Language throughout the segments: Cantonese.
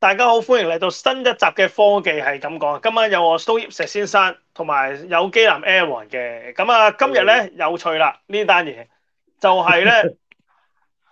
大家好，歡迎嚟到新一集嘅科技係敢講。今晚有我蘇葉石先生同埋有機男 Aaron 嘅。咁啊，今日咧有趣啦，呢單嘢就係咧，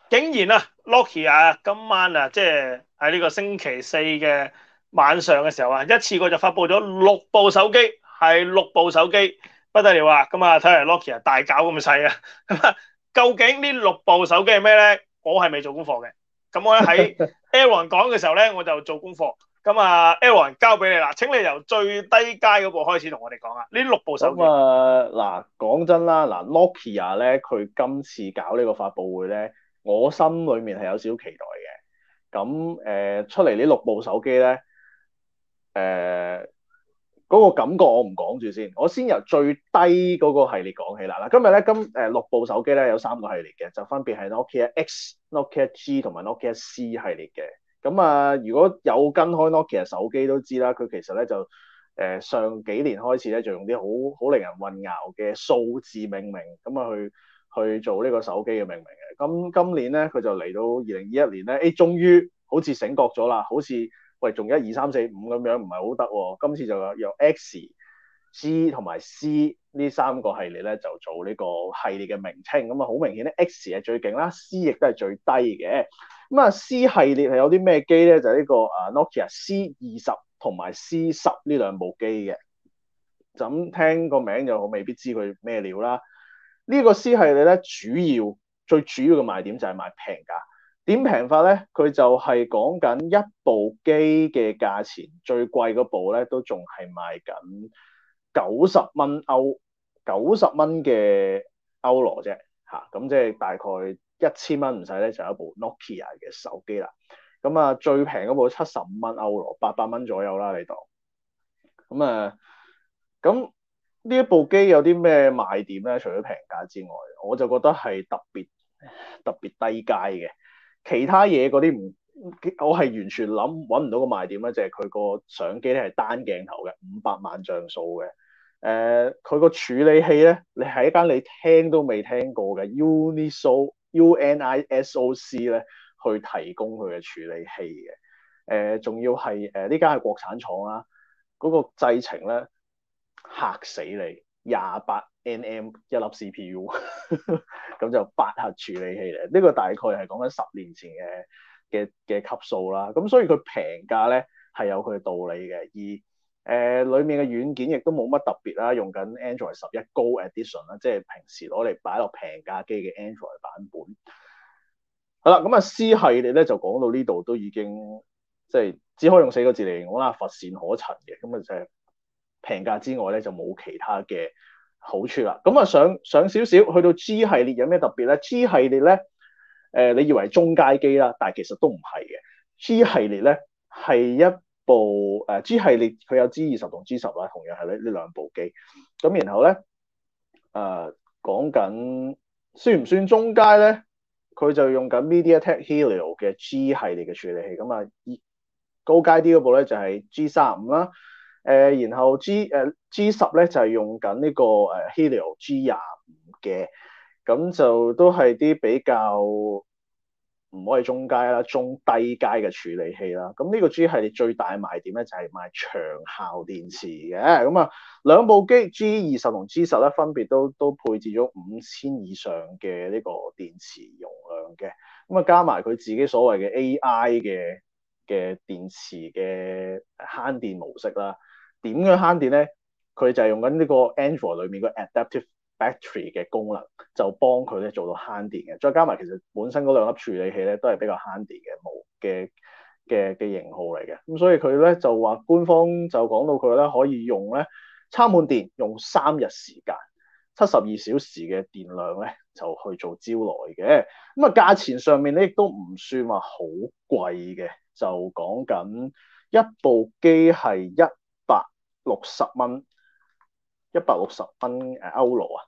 竟然啊，Nokia 啊，今晚啊，即係喺呢個星期四嘅晚上嘅時候啊，一次過就發布咗六部手機，係六部手機，不得了啊！咁啊，睇嚟 Nokia 啊，大搞咁細啊！咁啊，究竟呢六部手機係咩咧？我係未做功課嘅。咁 我喺 Aaron 講嘅時候咧，我就做功課。咁啊 Aaron 交俾你啦，請你由最低階嗰部開始同我哋講啊。呢六部手機、嗯、啊，嗱，講真啦，嗱、啊、Nokia 咧，佢今次搞呢個發布會咧，我心裡面係有少少期待嘅。咁誒、呃，出嚟呢六部手機咧，誒、呃。嗰個感覺我唔講住先，我先由最低嗰個系列講起啦。嗱，今日咧今誒、呃、六部手機咧，有三個系列嘅，就分別係 Nokia X、Nokia G 同埋 Nokia C 系列嘅。咁啊，如果有跟開 Nokia 手機都知啦，佢其實咧就誒、呃、上幾年開始咧就用啲好好令人混淆嘅數字命名咁啊去去做呢個手機嘅命名嘅。咁今年咧佢就嚟到二零二一年咧，誒終於好似醒覺咗啦，好似～喂，仲一二三四五咁樣唔係好得喎，今次就由 X、G 同埋 C 呢三個系列咧就做呢個系列嘅名稱，咁啊好明顯咧，X 係最勁啦，C 亦都係最低嘅。咁、嗯、啊，C 系列係有啲咩機咧？就呢、係呢個啊、uh, Nokia C 二十同埋 C 十呢兩部機嘅，嗯、就咁聽個名就未必知佢咩料啦。呢、呢個 C 系列咧主要最主要嘅賣點就係賣平價。點平法咧？佢就係講緊一部機嘅價錢，最貴嗰部咧都仲係賣緊九十蚊歐，九十蚊嘅歐羅啫嚇。咁即係大概一千蚊唔使咧，就有一部 Nokia 嘅手機啦。咁啊，最平嗰部七十五蚊歐羅，八百蚊左右啦。你度咁啊，咁呢一部機有啲咩賣點咧？除咗平價之外，我就覺得係特別特別低階嘅。其他嘢嗰啲唔，我係完全諗搵唔到個賣點咧，就係佢個相機咧係單鏡頭嘅，五百萬像素嘅。誒、呃，佢個處理器咧，你係一間你聽都未聽過嘅 UNISOC、UNISOC 咧 UN 去提供佢嘅處理器嘅。誒、呃，仲要係誒呢間係國產廠啦、啊，嗰、嗰個製程咧嚇死你！廿八 nm 一粒 CPU，咁 就八核處理器嚟。呢、呢個大概係講緊十年前嘅嘅嘅級數啦。咁所以佢平價咧係有佢嘅道理嘅。而誒、呃、裡面嘅軟件亦都冇乜特別啦，用緊 Android 十一 Go Edition 啦，即係平時攞嚟擺落平價機嘅 Android 版本。好啦，咁啊 C 系列咧就講到呢度都已經即係只可以用四個字嚟講啦，啊、乏善可陳嘅。咁啊就係、係。平價之外咧，就冇其他嘅好處啦。咁啊，上上少少去到 G 系列有咩特別咧？G 系列咧，誒、呃，你以為中階機啦，但係其實都唔係嘅。G 系列咧係一部誒、呃、G 系列佢有 G 二十同 G 十啦，同樣係呢呢兩部機。咁然後咧，誒、呃，講緊算唔算中階咧？佢就用緊 MediaTek Helio 嘅 G 系列嘅處理器。咁、嗯、啊，高階啲嗰部咧就係、是、G 三五啦。誒、呃，然後 G 誒、呃、G 十咧就係、是、用緊呢個誒 Helio G 廿五嘅，咁就都係啲比較唔可以中階啦、中低階嘅處理器啦。咁呢個 G 系列最大賣點咧就係、是、賣長效電池嘅。咁、哎、啊，兩部機 G 二十同 G 十咧分別都都配置咗五千以上嘅呢個電池容量嘅。咁啊，加埋佢自己所謂嘅 AI 嘅嘅電池嘅慳電模式啦。點樣慳電咧？佢就係用緊呢個 Android 裏面個 Adaptive Battery 嘅功能，就幫佢咧做到慳電嘅。再加埋其實本身嗰兩粒處理器咧都係比較慳電嘅無嘅嘅嘅型號嚟嘅。咁、嗯、所以佢咧就話官方就講到佢咧可以用咧，插滿電用三日時間七十二小時嘅電量咧就去做招徠嘅。咁、嗯、啊，價錢上面咧亦都唔算話好貴嘅，就講緊一部機係一六十蚊，一百六十蚊誒歐羅啊，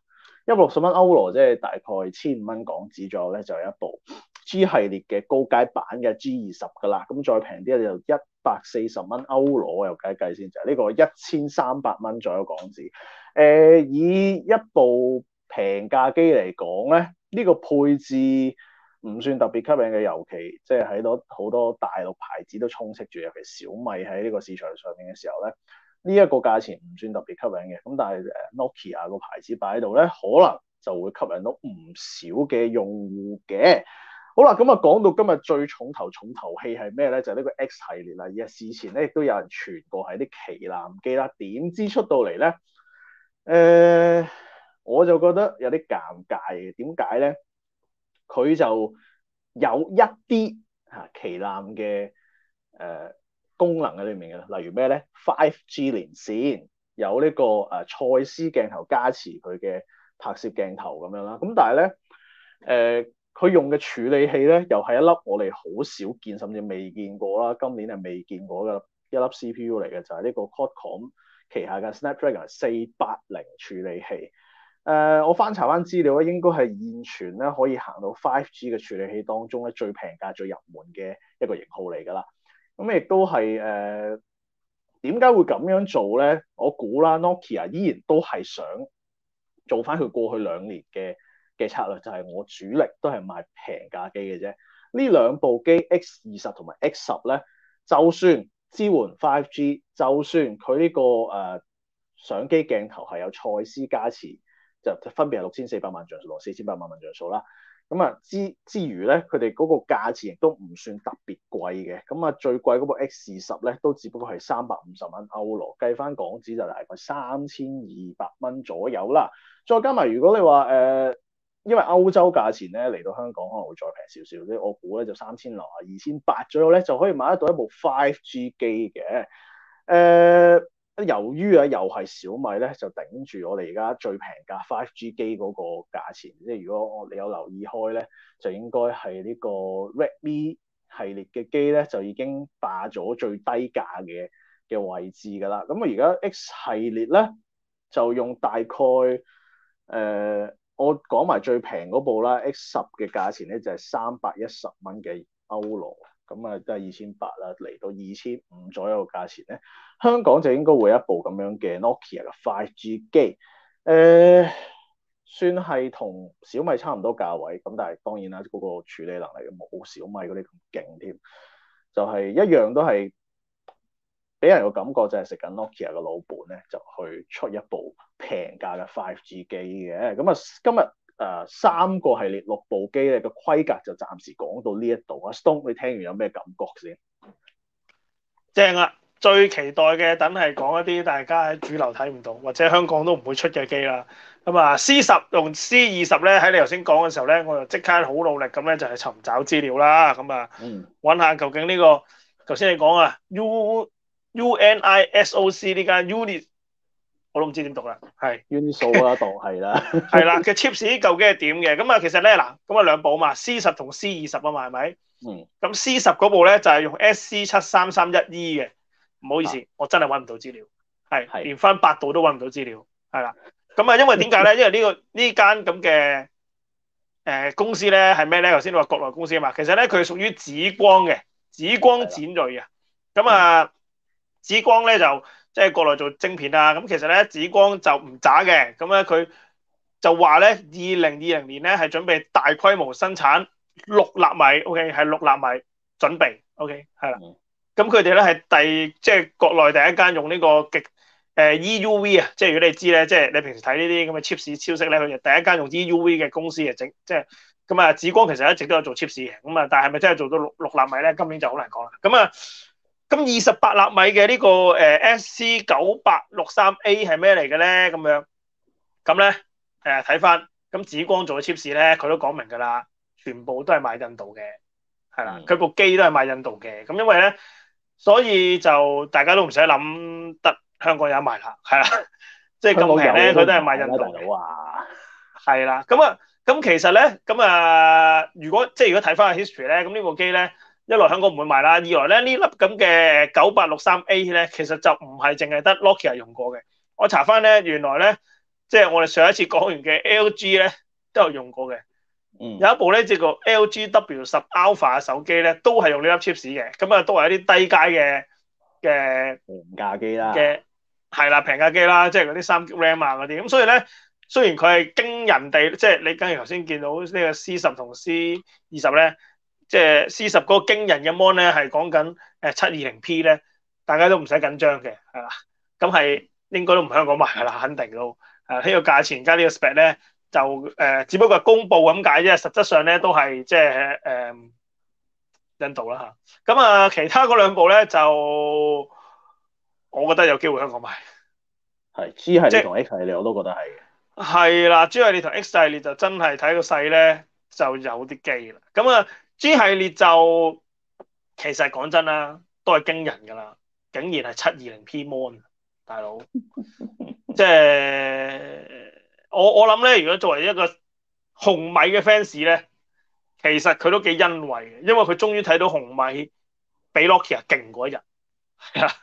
一百六十蚊歐羅即係大概千五蚊港紙左右咧，就係一部 G 系列嘅高階版嘅 G 二十㗎喇。咁再平啲咧就一百四十蚊歐羅，又計一計先，就係呢個一千三百蚊左右港紙。誒、呃，以一部平價機嚟講咧，呢個配置唔算特別吸引嘅，尤其即係喺度好多大陸牌子都充斥住，尤其小米喺呢個市場上面嘅時候咧。呢一個價錢唔算特別吸引嘅，咁但係誒 Nokia、ok、個牌子擺喺度咧，可能就會吸引到唔少嘅用戶嘅。好啦，咁啊講到今日最重頭重頭戲係咩咧？就係、是、呢個 X 系列啦。而事前咧亦都有人傳過係啲旗艦機啦，點知出到嚟咧？誒、呃，我就覺得有啲尷尬嘅。點解咧？佢就有一啲嚇旗艦嘅誒。呃功能嘅裏面嘅，例如咩咧？5G 連線有呢、這個誒蔡、呃、司鏡頭加持佢嘅拍攝鏡頭咁樣啦。咁但係咧，誒、呃、佢用嘅處理器咧，又係一粒我哋好少見，甚至未見過啦。今年係未見過嘅一粒 CPU 嚟嘅，就係、是、呢個 Qualcomm 旗下嘅 Snapdragon 四八零處理器。誒、呃，我翻查翻資料咧，應該係現存咧可以行到 5G 嘅處理器當中咧最平價、最入門嘅一個型號嚟㗎啦。咁亦都係誒點解會咁樣做咧？我估啦，Nokia 依然都係想做翻佢過去兩年嘅嘅策略，就係、是、我主力都係賣平價機嘅啫。兩機 10, 呢兩部機 X 二十同埋 X 十咧，就算支援 5G，就算佢呢、這個誒、呃、相機鏡頭係有蔡司加持，就分別係六千四百萬像素同四千八百萬像素啦。咁啊、嗯、之之餘咧，佢哋嗰個價錢亦都唔算特別貴嘅。咁、嗯、啊最貴嗰部 X 十咧，都只不過係三百五十蚊歐羅，計翻港紙就大概三千二百蚊左右啦。再加埋如果你話誒、呃，因為歐洲價錢咧嚟到香港可能會再平少少，即我估咧就三千六啊二千八左右咧，就可以買得到一部 Five G 機嘅。誒、呃。由於啊，又係小米咧，就頂住我哋而家最平價 5G 機嗰個價錢，即係如果你有留意開咧，就應該係呢個 Redmi 系列嘅機咧，就已經霸咗最低價嘅嘅位置㗎啦。咁我而家 X 系列咧，就用大概誒、呃，我講埋最平嗰部啦，X10 嘅價錢咧，就係三百一十蚊嘅歐羅。咁啊，都係二千八啦，嚟到二千五左右嘅價錢咧，香港就應該會有一部咁樣嘅 Nokia、ok、嘅 5G 機。誒、呃，算係同小米差唔多價位，咁但係當然啦，嗰、那個處理能力冇小米嗰啲咁勁添，就係、是、一樣都係俾人個感覺就係食緊 Nokia、ok、嘅老本咧，就去出一部平價嘅 5G 機嘅，咁啊，今日。誒、三個系列六部機咧，嘅規格就暫時講到呢一度。阿 Stone，你聽完有咩感覺先？正啊！最期待嘅，等係講一啲大家喺主流睇唔到，或者香港都唔會出嘅機啦。咁啊，C10 同 C20 咧，喺你頭先講嘅時候咧，我就即刻好努力咁咧，就係尋找資料啦。咁啊，揾、嗯、下究竟呢、呢個頭先你講啊 UNISOC 呢間 unit。我都唔知點讀啦，係 Unisoc 啦，讀係啦，係啦，嘅 chips 究竟係點嘅？咁啊，其實咧嗱，咁啊兩部啊，C 十同 C 二十啊嘛，係咪？嗯。咁 C 十嗰部咧就係、是、用 S C 七三三一 E 嘅，唔好意思，啊、我真係搵唔到資料，係，係是，連翻百度都搵唔到資料，係啦。咁啊，因為點解咧？因為呢、呢個呢間咁嘅誒公司咧係咩咧？頭先你話國內公司啊嘛，其實咧佢係屬於紫光嘅，紫光展銳啊。咁啊的、嗯，紫光咧就。即係國內做晶片啊！咁其實咧，紫光就唔差嘅。咁咧佢就話咧，二零二零年咧係準備大規模生產六納米。OK，係六納米準備。OK，係啦。咁佢哋咧係第即係國內第一間用呢個極誒 EUV 啊！即係如果你知咧，即係你平時睇呢啲咁嘅 chipset 咧，佢就第一間用 EUV 嘅公司嘅整即係咁啊！紫光其實一直都有做 chipset 嘅。咁啊，但係咪真係做到六六納米咧？今年就好難講啦。咁、嗯、啊～咁二十八納米嘅呢個誒 SC 九八六三 A 係咩嚟嘅咧？咁樣咁咧誒睇翻咁紫光做嘅 chipset 咧，佢都講明㗎啦，全部都係買印度嘅，係啦，佢部、嗯、機都係買印度嘅。咁因為咧，所以就大家都唔使諗得香港，香港有得賣啦，係啦，即係咁平咧，佢都係買印度嘅。係啦、嗯，咁啊，咁其實咧，咁啊，如果即係如果睇翻個 history 咧，咁呢部機咧。一來香港唔會買啦，二來咧呢粒咁嘅九八六三 A 咧，其實就唔係淨係得 Nokia 用過嘅。我查翻咧，原來咧即係我哋上一次講完嘅 LG 咧都有用過嘅。嗯、有一部咧即、這個 LG W 十 Alpha 嘅手機咧都係用呢粒 chips 嘅，咁啊都係一啲低階嘅嘅平價機啦。嘅係啦，平價機啦，即係嗰啲三 G RAM 啊嗰啲。咁所以咧雖然佢係驚人哋，即係你梗係頭先見到呢個 C 十同 C 二十咧。即係 C 十嗰個驚人嘅 mon 咧，係講緊誒七二零 P 咧，大家都唔使緊張嘅，係嘛？咁係應該都唔香港賣啦，肯定咯。誒、啊這個、呢個價錢加呢個 spec 咧，就誒、呃、只不過公佈咁解啫。實質上咧都係即係誒印度啦嚇。咁啊，其他嗰兩部咧就我覺得有機會香港賣。係，G 系列同 X 系列，就是、我都覺得係。係啦，G 系列同 X 系列就真係睇個細咧就有啲機啦。咁啊～G 系列就其實講真啦，都係驚人噶啦，竟然係七二零 P Mon，大佬，即係、 就是、我我諗咧，如果作為一個紅米嘅 fans 咧，其實佢都幾欣慰嘅，因為佢終於睇到紅米比 Nokia 啊勁過一日，係啊，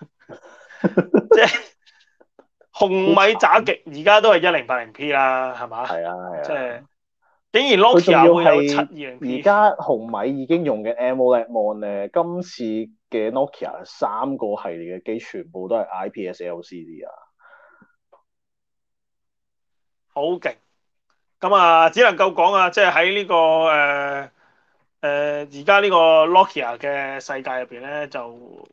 即 係 紅米炸極而家都係一零八零 P 啦，係嘛？係啊係啊，即係。竟然 Nokia 會有七二零 P，而家紅米已經用嘅 AMOLED Mon 咧，今次嘅 Nokia、ok、三個系列嘅機全部都係 IPS LCD 啊，好勁！咁啊，只能夠講啊，即係喺呢個誒誒而家呢個 Nokia、ok、嘅世界入邊咧，就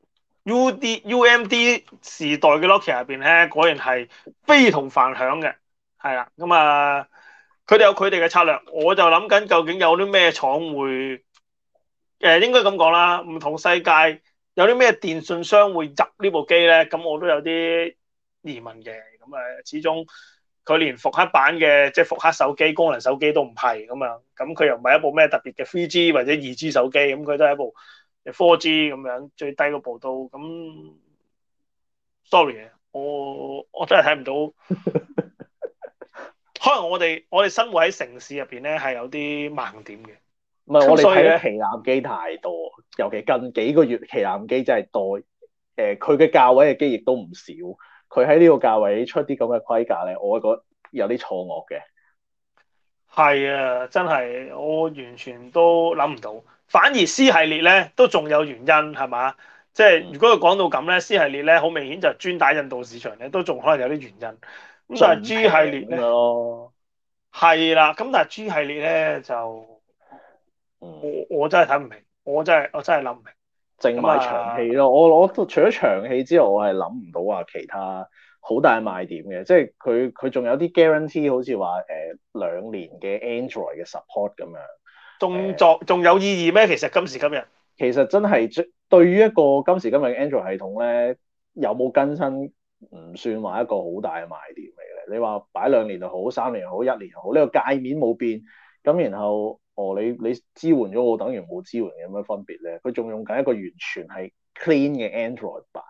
U D U M D 時代嘅 Nokia 入邊咧，果然係非同凡響嘅，係啦，咁啊。呃佢哋有佢哋嘅策略，我就諗緊究竟有啲咩廠會誒、呃、應該咁講啦，唔同世界有啲咩電信商會入呢部機咧？咁我都有啲疑問嘅。咁、嗯、誒，始終佢連復刻版嘅即係復刻手機、功能手機都唔係咁樣，咁、嗯、佢、嗯、又唔係一部咩特別嘅 3G 或者 2G 手機，咁、嗯、佢都係一部 4G 咁樣最低嗰部都咁。Sorry，我我真係睇唔到。 可能我哋我哋生活喺城市入邊咧，係有啲盲點嘅。唔係、嗯、所以我哋睇咧，旗艦機太多，尤其近幾個月旗艦機真係多。誒、呃，佢嘅價位嘅機亦都唔少，佢喺呢個價位出啲咁嘅規格咧，我覺得有啲錯愕嘅。係啊，真係我完全都諗唔到。反而 C 系列咧都仲有原因係嘛？即係、就是、如果佢講到咁咧、嗯、，C 系列咧好明顯就專打印度市場咧，都仲可能有啲原因。咁就係 G 系列咧，係啦，咁但係 G 系列咧就，我我真係睇唔明，我真係我真係諗唔明，淨係長氣咯，我就我，我除咗長氣之外，我係諗唔到話其他好大賣點嘅，即係佢佢仲有啲 guarantee，好似話誒兩年嘅 Android 嘅 support 咁樣，仲作仲、呃、有意義咩？其實今時今日，其實真係對於一個今時今日嘅 Android 系統咧，有冇更新？唔算話一個好大嘅賣點嚟嘅，你話擺兩年又好，三年又好，一年又好，呢、這個界面冇變，咁然後哦你你支援咗我，等於冇支援有咩分別咧？佢仲用緊一個完全係 clean 嘅 Android 版，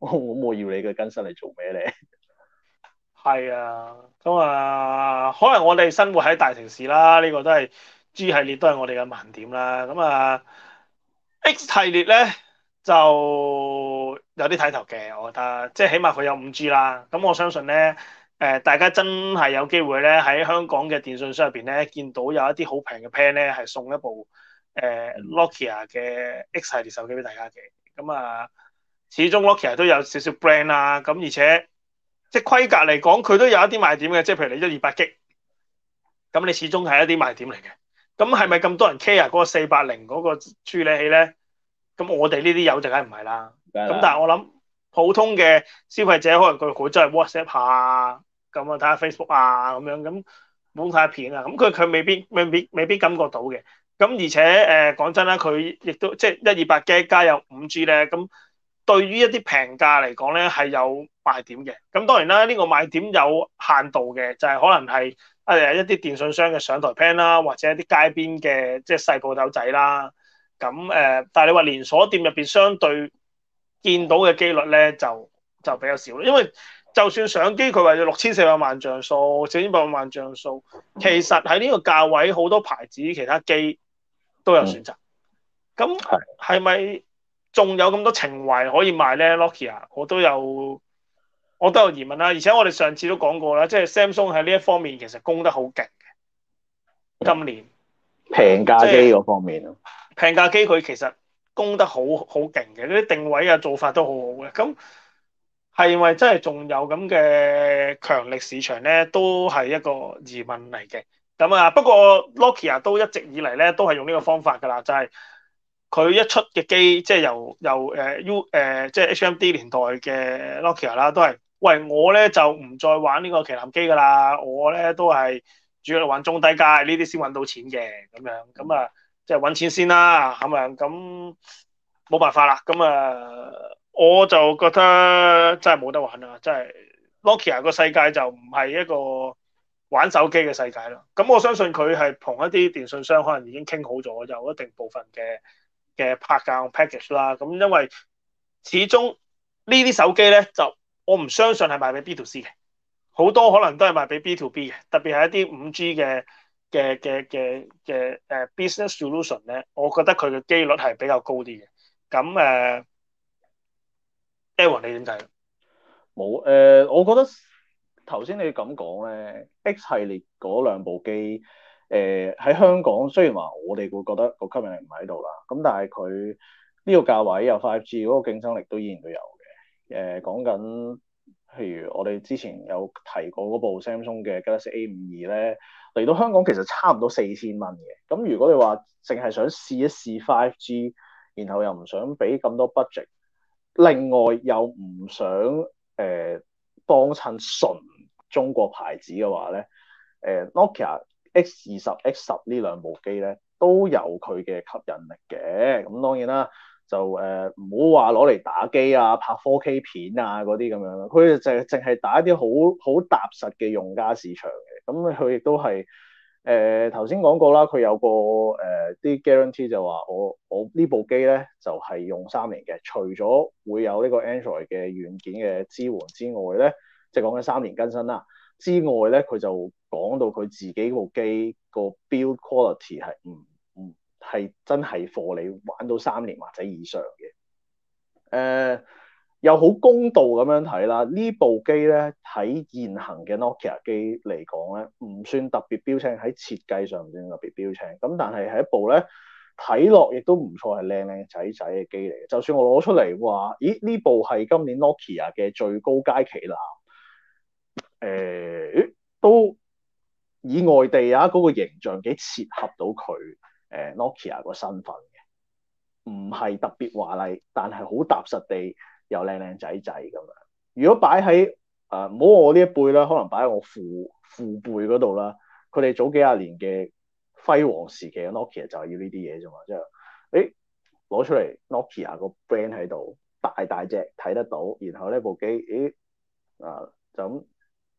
咁我，我要你嘅更新嚟做咩咧？係啊，咁、嗯、啊、嗯，可能我哋生活喺大城市啦，呢、這個都係 G 系列都係我哋嘅盲點啦。咁、嗯、啊、嗯、X 系列咧。就有啲睇頭嘅，我覺得，即係起碼佢有五 G 啦。咁我相信咧，誒、呃、大家真係有機會咧，喺香港嘅電信商入邊咧，見到有一啲好平嘅 plan 咧，係送一部誒 Nokia 嘅 X 系列手機俾大家嘅。咁啊，始終 Nokia、ok、都有少少 brand 啦。咁而且即係規格嚟講，佢都有一啲賣點嘅。即係譬如你一、二、八 G，咁你始終係一啲賣點嚟嘅。咁係咪咁多人 care 嗰個四八零嗰個處理器咧？咁我哋呢啲友就梗唔係啦。咁但係我諗普通嘅消費者可能佢佢真係 WhatsApp 下、啊，咁啊睇下 Facebook 啊咁樣，咁冇曬片啊。咁佢佢未必未必未必感覺到嘅。咁而且誒講、呃、真啦，佢亦都即係一二百嘅加入五 G 咧，咁對於一啲平價嚟講咧係有賣點嘅。咁當然啦，呢、呢個賣點有限度嘅，就係、係、可能係誒一啲電信商嘅上台 plan 啦、啊，或者一啲街邊嘅即係細鋪頭仔啦、啊。咁誒，但係你話連鎖店入邊相對見到嘅機率咧，就就比較少啦。因為就算相機，佢話要六千四百萬像素、四千八百萬像素，其實喺呢個價位好多牌子其他機都有選擇。咁係咪仲有咁多情懷可以賣咧？Nokia 啊，Nokia，我都有我都有疑問啦。而且我哋上次都講過啦，即係 Samsung 喺呢一方面其實攻得好勁嘅。今年平價機嗰方面咯。就係平價機佢其實供得好好勁嘅，嗰啲定位啊做法都好好嘅。咁係咪真係仲有咁嘅強力市場咧？都係一個疑問嚟嘅。咁啊，不過 Nokia、ok、都一直以嚟咧都係用呢個方法噶啦，就係、是、佢一出嘅機，即係由由誒 U 誒即係 HMD 年代嘅 Nokia、ok、啦，都係喂我咧就唔再玩呢個旗艦機噶啦，我咧都係主要玩中低階呢啲先揾到錢嘅咁樣咁啊。即係揾錢先啦，係咪？咁冇辦法啦。咁啊，我就覺得真係冇得玩啦。真係 Nokia 個世界就唔係一個玩手機嘅世界啦。咁我相信佢係同一啲電信商可能已經傾好咗，有一定部分嘅嘅拍價 package 啦。咁因為始終呢啲手機咧，就我唔相信係賣俾 B to C 嘅，好多可能都係賣俾 B to B 嘅，特別係一啲五 G 嘅。嘅嘅嘅嘅誒 business solution 咧，uh, 呃，我覺得佢嘅機率係比較高啲嘅。咁誒，Aaron 你點睇？冇誒，我覺得頭先你咁講咧，X 系列嗰兩部機誒喺香港雖然話我哋會覺得個吸引力唔喺度啦，咁但係佢呢個價位有 5G 嗰個競爭力都依然都有嘅。誒講緊。譬如我哋之前有提過嗰部 Samsung 嘅 Galaxy A 五二咧，嚟到香港其實差唔多四千蚊嘅。咁如果你話淨係想試一試 Five G，然後又唔想俾咁多 budget，另外又唔想誒幫襯純中國牌子嘅話咧，誒、呃、Nokia X 二十、X 十呢兩部機咧都有佢嘅吸引力嘅。咁當然啦。就誒唔好話攞嚟打機啊、拍 4K 片啊嗰啲咁樣啦，佢就淨係打一啲好好踏實嘅用家市場嘅。咁佢亦都係誒頭先講過啦，佢有個誒啲 guarantee 就話我我部呢部機咧就係、是、用三年嘅，除咗會有呢個 Android 嘅軟件嘅支援之外咧，即係講緊三年更新啦之外咧，佢就講到佢自己部機個 build quality 係唔。係真係貨，你玩到三年或者以上嘅，誒、呃、又好公道咁樣睇啦。部機呢部機咧，喺現行嘅 Nokia、ok、機嚟講咧，唔算特別標青，喺設計上唔算特別標青。咁但係係一部咧睇落亦都唔錯，係靚靚仔仔嘅機嚟嘅。就算我攞出嚟話，咦，呢部係今年 Nokia、ok、嘅最高階旗艦，誒、呃、都以外地啊嗰、那個形象幾切合到佢。誒 Nokia 個身份嘅，唔係特別華麗，但係好踏實地又靚靚仔仔咁樣。如果擺喺誒唔好我呢一輩啦，可能擺喺我父父輩嗰度啦，佢哋早幾十年嘅輝煌時期嘅 Nokia 就係要呢啲嘢啫嘛，即係誒攞出嚟 Nokia 個 brand 喺度，大大隻睇得到，然後呢部機誒、欸、啊就咁。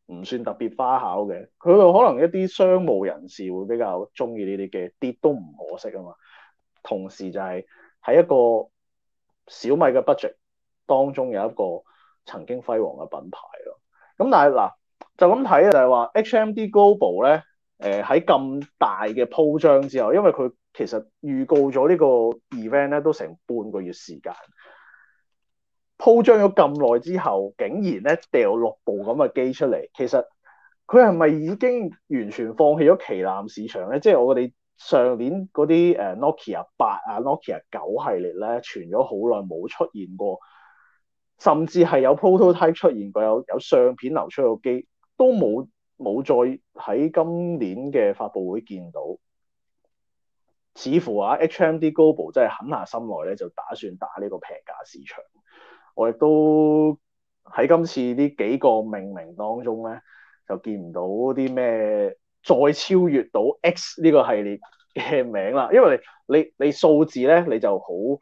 唔算特別花巧嘅，佢就可能一啲商務人士會比較中意呢啲嘅，跌都唔可惜啊嘛。同時就係喺一個小米嘅 budget 當中有一個曾經輝煌嘅品牌咯。咁但係嗱，就咁睇就係話 HMD Global 咧，誒喺咁大嘅鋪張之後，因為佢其實預告咗呢個 event 咧都成半個月時間。鋪張咗咁耐之後，竟然咧掉六部咁嘅機出嚟，其實佢係咪已經完全放棄咗旗艦市場咧？即係我哋上年嗰啲誒 Nokia 八啊、Nokia 九系列咧，傳咗好耐冇出現過，甚至係有 prototype 出現過，有有相片流出嘅機，都冇冇再喺今年嘅發布會見到。似乎啊，HMD Global 真係狠下心來咧，就打算打呢個平價市場。我亦都喺今次呢幾個命名當中咧，就見唔到啲咩再超越到 X 呢個系列嘅名啦。因為你你，你數字咧，你就好誒、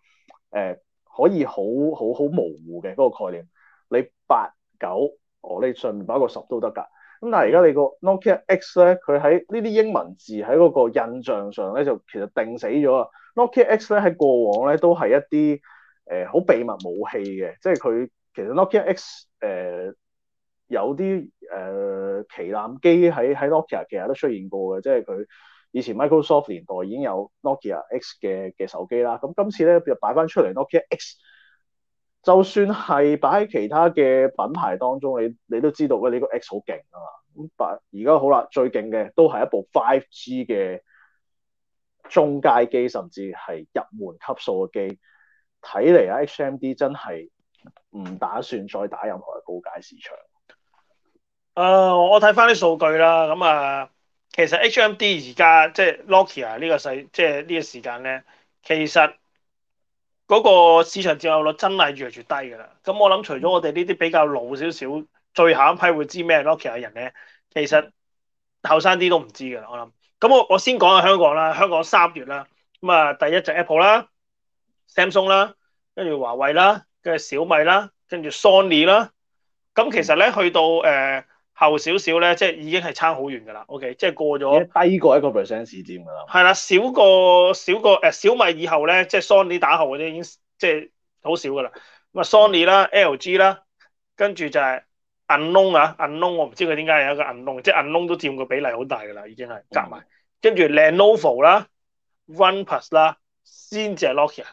呃、可以好好好模糊嘅嗰、嗰個概念。你八九，哦，你上面擺個十都得㗎。咁但係而家你個 Nokia、ok、X 咧，佢喺呢啲英文字喺嗰個印象上咧，就其實定死咗啦。Nokia X 咧喺過往咧都係一啲。誒，好秘密武器嘅，即係佢其實 Nokia X 誒有啲誒旗艦機喺喺 Nokia 其實都出現過嘅，即係佢以前 Microsoft 年代已經有 Nokia X 嘅嘅手機啦。咁今次咧就擺翻出嚟 Nokia X，就算係擺喺其他嘅品牌當中，你你都知道嘅，呢個 X 好勁啊嘛。咁而家好啦，最勁嘅都係一部五 G 嘅中階機，甚至係入門級數嘅機。睇嚟啊，H M D 真係唔打算再打任何嘅高階市場。誒、呃，我睇翻啲數據啦，咁、嗯、啊，其實 H M D 而家即係 Nokia 呢個世，即係呢個時間咧，其實嗰個市場佔有率真係越嚟越低噶啦。咁我諗，除咗我哋呢啲比較老少少、最後一批會知咩 Nokia 嘅人咧，其實後生啲都唔知噶啦。我諗，咁我我先講下香港啦，香港三月啦，咁、嗯、啊，第一就 Apple 啦。Samsung 啦，跟住華為啦，跟住小米啦，跟住 Sony 啦。咁其實咧去到誒、呃、後少少咧，即係已經係差好遠噶啦。O、OK? K，即係過咗。已經低過一個 percent 市佔噶啦。係啦，少過少過誒、呃、小米以後咧，即係 Sony 打後嗰啲已經即係好少噶啦。咁啊 Sony 啦、嗯、LG 啦、嗯，跟住就係 Unlocked，Unlocked 我唔知佢點解有一個 Unlocked 即係 Unlocked 都佔個比例好大噶啦，已經係夾埋。跟住 Lenovo 啦、OnePlus 啦、嗯，先至係 Nokia。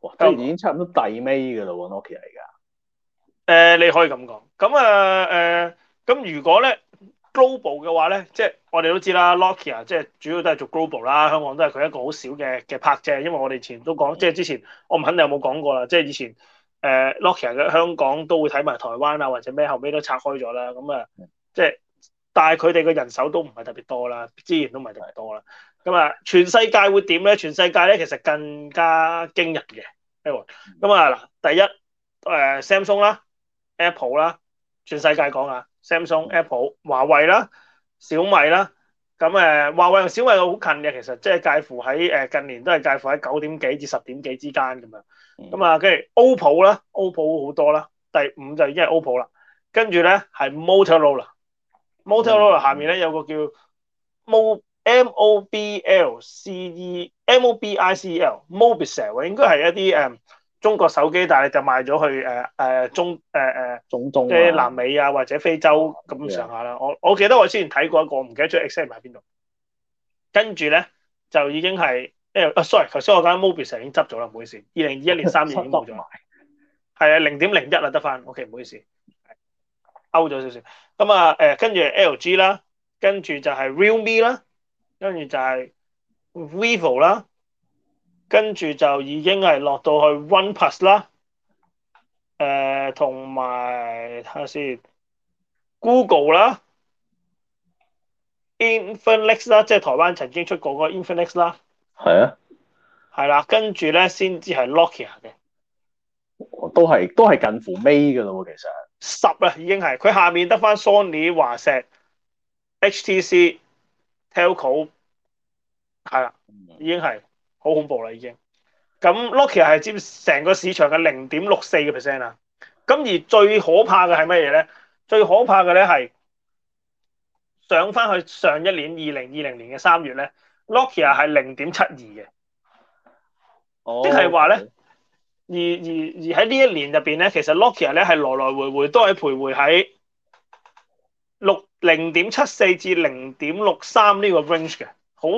哇！即已經差唔多第尾嘅啦喎 Nokia 而家。誒、呃，你可以咁講。咁誒誒，咁、呃嗯、如果咧 global 嘅話咧，即係我哋都知啦 Nokia 即係主要都係做 global 啦。香港都係佢一個好少嘅嘅拍啫。因為我哋前都講，嗯、即係之前我唔肯定有冇講過啦。即係以前誒呃、Nokia 嘅香港都會睇埋台灣啊，或者咩後尾都拆開咗啦。咁、嗯、啊，嗯、即係但係佢哋嘅人手都唔係特別多啦，資源都唔係特別多啦。嗯咁啊，全世界會點咧？全世界咧，其實更加驚人嘅。咁啊、嗯，嗱、嗯，第一，誒 Samsung 啦、Apple 啦，全世界講啊，Samsung、Apple、Apple、華為啦、小米啦。咁、嗯、誒，華為同小米好近嘅，其實即係介乎喺誒近年都係介乎喺九點幾至十點幾之間咁樣。咁啊、嗯，跟住、嗯、OPPO 啦，OPPO 好多啦，第五就已經係 OPPO 啦。跟住咧係 Motorola，Motorola 下面咧有個叫 Mo。M O B L C E M O B I C L Mobicel 應該係一啲誒中國手機，但係就賣咗去誒、uh, 誒、uh, 中誒誒即係南美啊或者非洲咁上下啦。我我記得我之前睇過一個，唔記得最 exactly 喺邊度。跟住咧就已經係誒，sorry，頭先我講 Mobicel 已經執咗啦，唔好意思 uh, uh,。二零二一年三年已經冇咗。係啊，零點零一啦，得返。OK，唔好意思，勾咗少少。咁啊誒，跟住 LG 啦，跟住就係 Realme 啦。跟住就係 Vivo 啦，跟住就已經係落到去 OnePlus 啦，誒同埋睇下先，Google 啦，Infinix 啦，即係台灣曾經出過個 Infinix 啦，係啊，係啦，跟住咧先至係 Nokia 嘅，都係都係近乎尾嘅咯喎，其實十啊已經係佢下面得翻 Sony 華碩 HTC。HT c, Telco 係啦，已經係好恐怖啦，已經。咁 Nokia 係佔成個市場嘅零點六四嘅 percent 啊。咁而最可怕嘅係乜嘢咧？最可怕嘅咧係上翻去上一年二零二零年嘅三月咧，Nokia 係零點七二嘅。哦。即係話咧，而而而喺呢一年入邊咧，其實 Nokia 咧係來來回回都係徘徊喺。六零點七四至零點六三呢個 range 嘅，好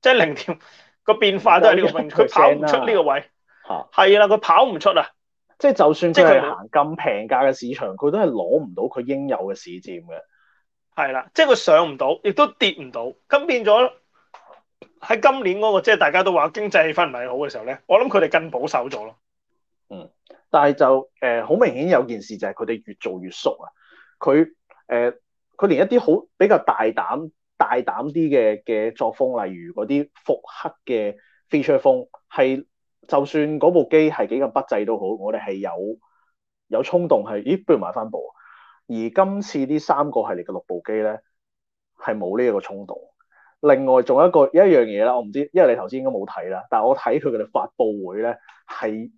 即係零點個 變化都係呢個 range，佢跑唔出呢個位，係啦，佢跑唔出啊！出即係就算佢行咁平價嘅市場，佢他都係攞唔到佢應有嘅市佔嘅。係啦，即係佢上唔到，亦都跌唔到，咁變咗喺今年嗰、那個，即係大家都話經濟氣氛唔係好嘅時候咧，我諗佢哋更保守咗咯。嗯，但係就誒，好、呃、明顯有件事就係佢哋越做越縮啊，佢誒。呃佢連一啲好比較大膽大膽啲嘅嘅作風，例如啲復刻嘅 feature phone 係就算部機係幾咁不濟都好，我哋係有有衝動係，咦，不如買翻部。而今次呢三個系列嘅六部機咧，係冇呢一個衝動，另外仲有一個一樣嘢啦，我唔知，因為你頭先應該冇睇啦，但係我睇佢哋發布會咧，係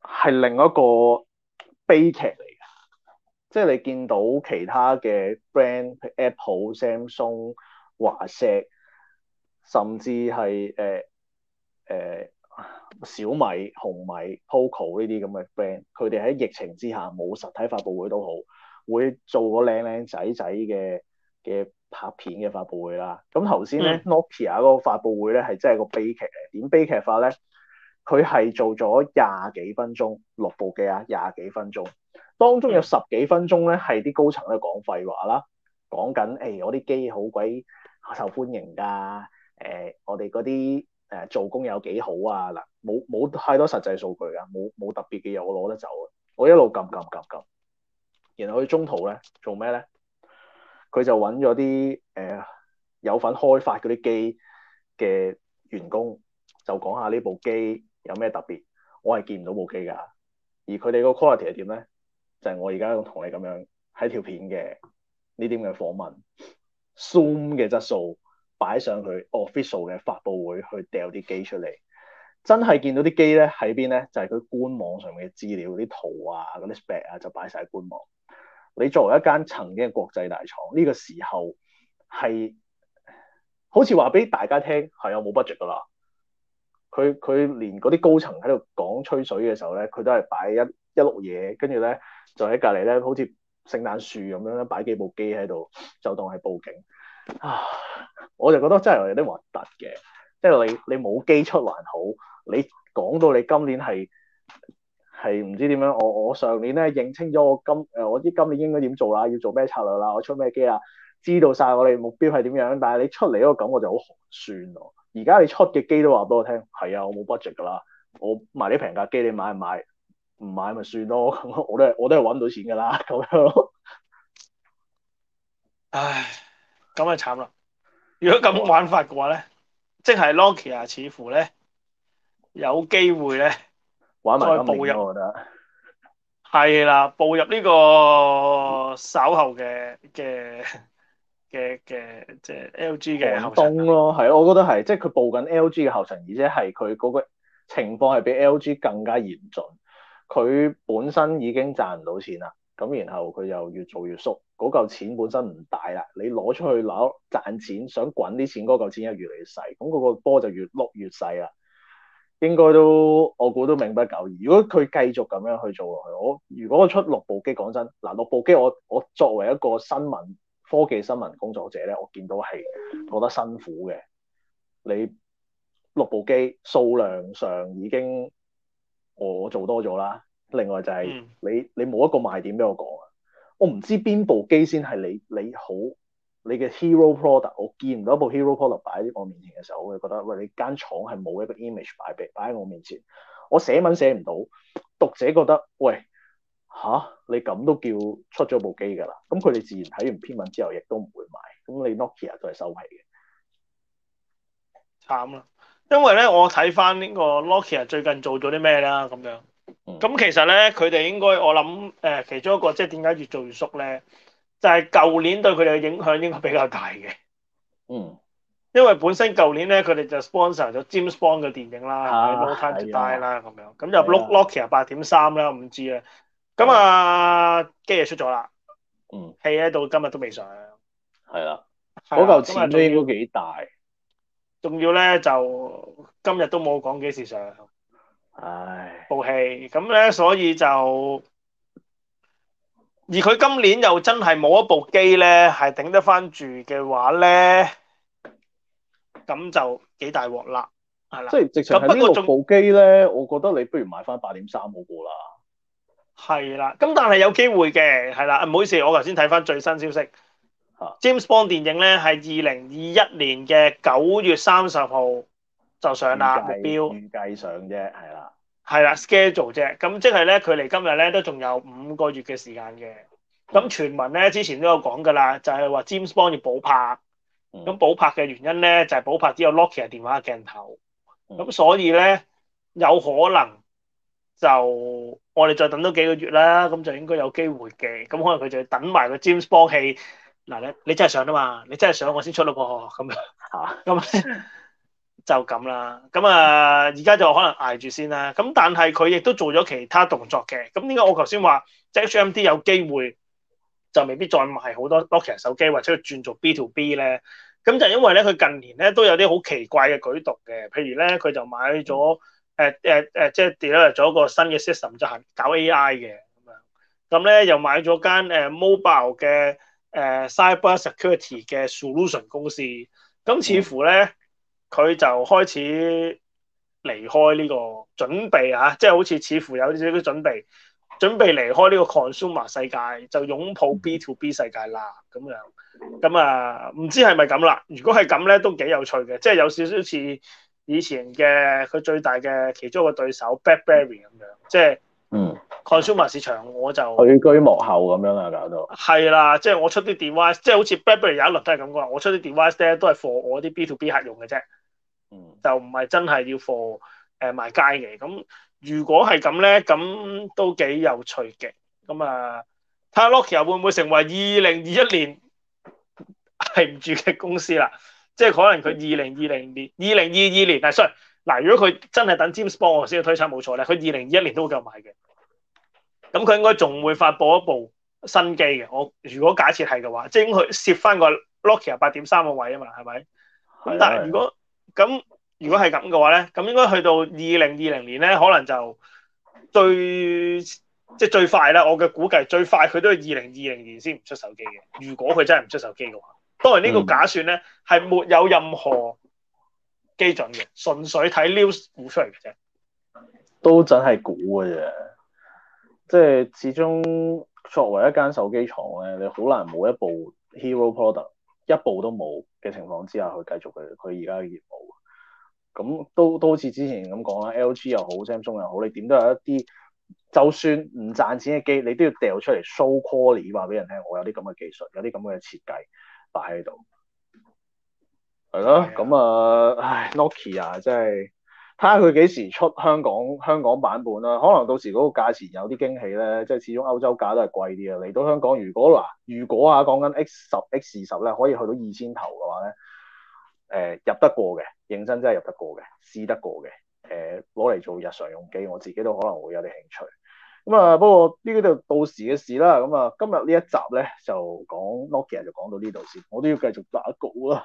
係另一個悲劇嚟。即係你見到其他嘅 brand，Apple、Samsung、華碩，甚至係誒誒小米、紅米、Poco 呢啲咁嘅 brand，佢哋喺疫情之下冇實體發布會都好，會做個靚靚仔仔嘅嘅拍片嘅發布會啦。咁頭先咧，Nokia 嗰個發布會咧係真係個悲劇嚟，點悲劇法咧？佢係做咗廿幾分鐘六部機啊，廿幾分鐘。當中有十幾分鐘咧，係啲高層喺度講廢話啦，講緊誒我啲機好鬼受歡迎㗎，誒、呃、我哋嗰啲誒做工有幾好啊嗱，冇冇太多實際數據啊，冇冇特別嘅嘢我攞得走啊，我一路撳撳撳撳，然後去中途咧做咩咧？佢就揾咗啲誒有份開發嗰啲機嘅員工，就講下呢部機有咩特別，我係見唔到部機㗎，而佢哋個 quality 係點咧？就係我而家同你咁樣喺條片嘅呢啲咁嘅訪問，Zoom 嘅質素擺上去 official 嘅發布會去掉啲機出嚟，真係見到啲機咧喺邊咧？就係、是、佢官網上面嘅資料，啲圖啊、嗰啲 spec 啊，就擺晒官網。你作為一間曾經嘅國際大廠，呢、呢個時候係好似話俾大家聽係有冇 budget 噶啦。佢佢連嗰啲高層喺度講吹水嘅時候咧，佢都係擺一。一碌嘢，跟住咧就喺隔離咧，好似聖誕樹咁樣，擺幾部機喺度，就當係報警啊！我就覺得真係有啲核突嘅，即係你你冇機出還好，你講到你今年係係唔知點樣。我我上年咧認清咗，我今誒我知今年應該點做啦，要做咩策略啦，我出咩機啦，知道晒我哋目標係點樣。但係你出嚟嗰個感覺就好寒酸咯、啊。而家你出嘅機都話俾我聽，係啊，我冇 budget 噶啦，我賣啲平價機，你買唔買？唔買咪算咯，我都係我都係揾到錢噶啦，咁樣。唉，咁咪慘啦。如果咁玩法嘅話咧，即係 Nokia 似乎咧有機會咧，玩埋步入、就是。我覺得係啦，步入呢個稍後嘅嘅嘅嘅即係 LG 嘅後塵咯，係，我覺得係，即係佢步緊 LG 嘅後塵，而且係佢嗰個情況係比 LG 更加嚴重。佢本身已經賺唔到錢啦，咁然後佢又越做越縮，嗰嚿錢本身唔大啦，你攞出去攞賺錢想滾啲錢，嗰嚿錢又越嚟越細，咁嗰個波就越碌越細啦。應該都我估都命不久矣，如果佢繼續咁樣去做落去，我如果我出六部機，講真嗱，六部機我，我我作為一個新聞科技新聞工作者咧，我見到係覺得辛苦嘅。你六部機數量上已經。我做多咗啦，另外就係你你冇一個賣點俾我講啊，我唔知邊部機先係你你好，你嘅 Hero Product，我見唔到一部 Hero Product 擺喺我面前嘅時候，我就覺得喂你間廠係冇一個 image 擺擺喺我面前，我寫文寫唔到，讀者覺得喂吓？你咁都叫出咗部機㗎啦，咁佢哋自然睇完篇文之後亦都唔會買，咁你 Nokia、ok、都係收皮嘅，慘啦～因為咧，我睇翻呢個 Nokia 最近做咗啲咩啦，咁樣。咁其實咧，佢哋應該我諗，誒、呃、其中一個即係點解越做越縮咧，就係、是、舊年對佢哋嘅影響應該比較大嘅。嗯。因為本身舊年咧，佢哋就 sponsor 咗 James Bond 嘅電影啦、啊 no，《No Time To Die》啦，咁樣。咁就 Lock Nokia 八點三啦，我唔知啊。咁啊，機嘢出咗啦。嗯。戲喺到今日都未上。係啦的。嗰嚿的錢都幾大。仲要咧就今日都冇講幾時上，唉，部戲咁咧，所以就而佢今年又真係冇一部機咧係頂得翻住嘅話咧，咁就幾大鑊啦，係啦。即係直情係呢部機咧，我覺得你不如買翻八點三好過啦。係啦，咁但係有機會嘅，係啦，唔好意思，我頭先睇翻最新消息。James Bond 電影咧，係二零二一年嘅九月三十號就上啦。計目標預計上啫，係啦，係啦，schedule 啫。咁即係咧，佢離今日咧都仲有五個月嘅時間嘅。咁傳聞咧之前都有講㗎啦，就係、是、話 James Bond 要補拍。咁、嗯、補拍嘅原因咧就係、是、補拍只有 Nokia、ok、嘅電話鏡頭。咁、嗯、所以咧有可能就我哋再等多幾個月啦。咁就應該有機會嘅。咁可能佢就要等埋個 James Bond 戲。嗱，你真係上啊嘛？你真係上、那個，我先出到個咁樣嚇，咁就咁啦。咁啊，而家就可能挨住先啦。咁但係佢亦都做咗其他動作嘅。咁點解我頭先話 H M D 有機會就未必再賣好多 Locker 手機，或者轉做 B to B 咧？咁就因為咧，佢近年咧都有啲好奇怪嘅舉動嘅。譬如咧，佢就買咗誒誒誒，即係建 e 咗個新嘅 system，就行、是，搞 A I 嘅咁樣。咁咧又買咗間誒 mobile 嘅。呃誒、uh, cybersecurity 嘅 solution 公司，咁似乎咧佢就開始離開呢個準備啊，即係好似似乎有少少準備，準備離開呢個 consumer 世界，就擁抱 B to B 世界啦。咁樣，咁啊唔知係咪咁啦？如果係咁咧，都幾有趣嘅，即係有少少似以前嘅佢最大嘅其中一個對手 Blackberry 咁樣，即係嗯。consumer 市場我就去居幕後咁樣啦，搞到係啦，即係我出啲 device，即係好似 b u r b e r r y 有一輪都係咁講，我出啲 device 咧都係 for 我啲 B to B 客用嘅啫，嗯，就唔係真係要 f 貨誒賣街嘅。咁如果係咁咧，咁都幾有趣嘅。咁啊，Taklocia、ok、會唔會成為二零二一年挨唔 住嘅公司啦？即係可能佢二零二零年、二零二二年，但係雖然嗱，如果佢真係等 James 幫我先去推測冇錯咧，佢二零二一年都夠買嘅。咁佢應該仲會發布一部新機嘅。我如果假設係嘅話，即係咁佢攝返個 Nokia 八點三個位啊嘛，係咪？是的 但係如果咁，如果係咁嘅話咧，咁應該去到二零二零年咧，可能就最即係最快啦。我嘅估計最快佢都係二零二零年先唔出手機嘅。如果佢真係唔出手機嘅話，當然呢個假算咧係、嗯、沒有任何基準嘅，純粹睇 news 估出嚟嘅啫。都真係估嘅啫。即係始終作為一間手機廠咧，你好難冇一部 Hero Product，一部都冇嘅情況之下去繼續佢佢而家嘅業務。咁都都好似之前咁講啦，LG 又好，Samsung 又好，你點都有一啲，就算唔賺錢嘅機，你都要掉出嚟 show quality 話俾人聽，我有啲咁嘅技術，有啲咁嘅設計擺喺度。係咯，咁啊的，唉，Nokia 真係～睇下佢幾時出香港香港版本啦，啊，可能到時嗰個價錢有啲驚喜咧，即係始終歐洲價都係貴啲啊。嚟到香港如，如果嗱、啊、如果啊講緊 X10 X20 咧，可以去到二千頭嘅話咧，誒、呃、入得過嘅，認真真係入得過嘅，試得過嘅，誒攞嚟做日常用機，我自己都可能會有啲興趣。咁啊，不過呢啲就到時嘅事啦。咁啊，今日呢一集咧就講 Nokia 就講到呢度先，我都要繼續打稿啦。